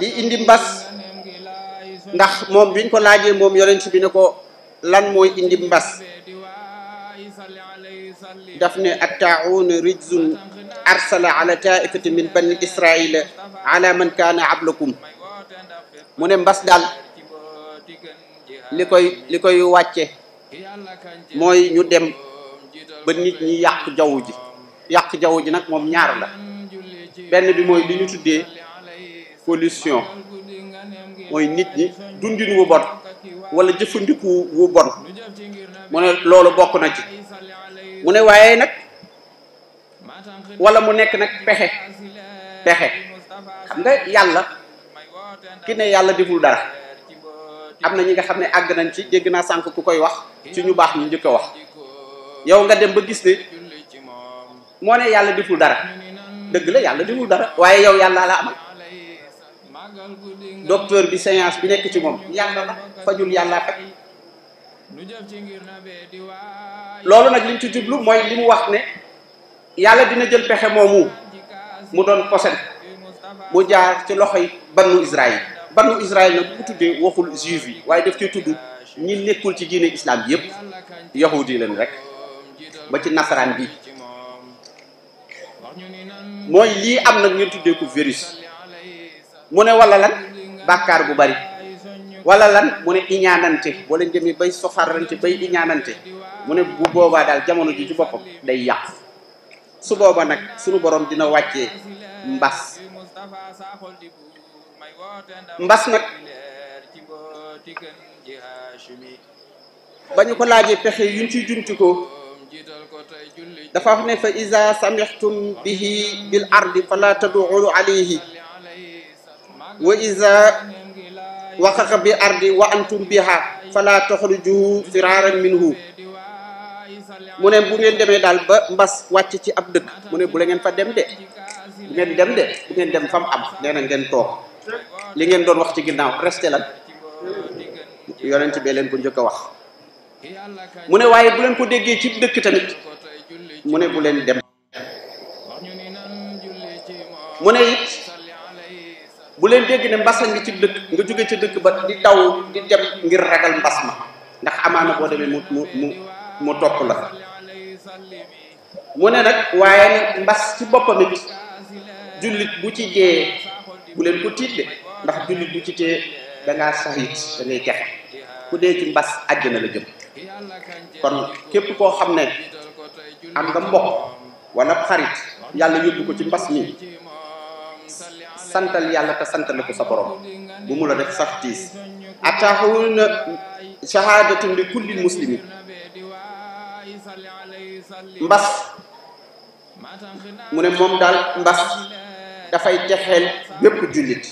li indi mbas ndax moom biñ ko laajee moom yonent bi ne ko lan mooy indi mbas daf ne attaauuna rijzun arsala ala taifati min bani israila ala man kaana ablakum mu ne mbas daal li koy li koy wàcce mooy ñu dem ba nit ñi yàq jaww ji yàq ji nag moom ñaar la benn bi mooy li ñu tuddee pollution mooy nit ñi dundin wu bon wala ndiku wu bon mu ne loolu bokk na ci mu ne waaye nag wala mu nekk nag pexe pexe xam nga yàlla ki ne yàlla diful dara am na ñi nga xam ne àgg nañ ci dégg na sànq ku koy wax ci ñu baax ñu njëkk wax yow nga dem ba gis ne moo ne yàlla deful dara dëgg la yàlla deful dara waaye yow yàlla la amal docteur bi science bi nekk ci moom yàlla la fajul yàlla faj loolu nag liñ ci jublu mooy li mu wax ne yàlla dina jël pexe moomu mu doon posen mu jaar ci loxo loxoy bannu Israël bannu Israël nag bu ko tuddee waxul juif yi waaye daf ci tudd ñi nekkul ci diine islam bi yëpp yahudi leen rek ba ci nasaraan bi mooy lii am nag ngeen tuddee ko virus mu ne wala lan bàkkaar bu bari wala lan mu ne iñaanante wala jëmee bay soxarante bay iñaanante mu ne bu boobaa daal jamono ji ci boppam day yàqu su booba nag sunu borom dina wàcce mbas mbas nag ba ko laajee pexe yuñ ci jumtikoo dafa wax ne fa iza samihtum bihi bil ardi fala tad'u alayhi wa iza waqaqa bi ardi wa antum biha fala taxruju firaran minhu mu ne bu ngeen demee daal ba mbas wàcc ci ab dëkk mu ne bu la ngeen fa dem de bu ngeen dem de ngeen dem fam am nee na ngeen toog li ngeen doon wax ci ginnaaw resté lan yonent be leen bu njëkk a wax mu ne waaye bu leen ko déggee ci dëkk tamit mu ne bu leen dem mu ne it leen dégg na mbas a ngi ci dëkk nga jóge ca dëkk ba di daw di dem ngir ragal mbas ma ndax amaana boo demee mu mu mu mu topp la mu ne nag waaye mbas ci boppam jullit bu ci dee bu leen ko tiit de ndax jullit bu ci dee dangaa ngaa sax it da ngay ku dee ci mbas àjjana la jëm kon képp koo xam ne am nga mbokk wala xarit yàlla yóbbu ko ci mbas mi santal yàlla te santale ko sa borom bu mu la def sax tiis ataaxul na shahadatun di kullil muslimin mbas mu ne moom daal mbas dafay texeel bépp jullit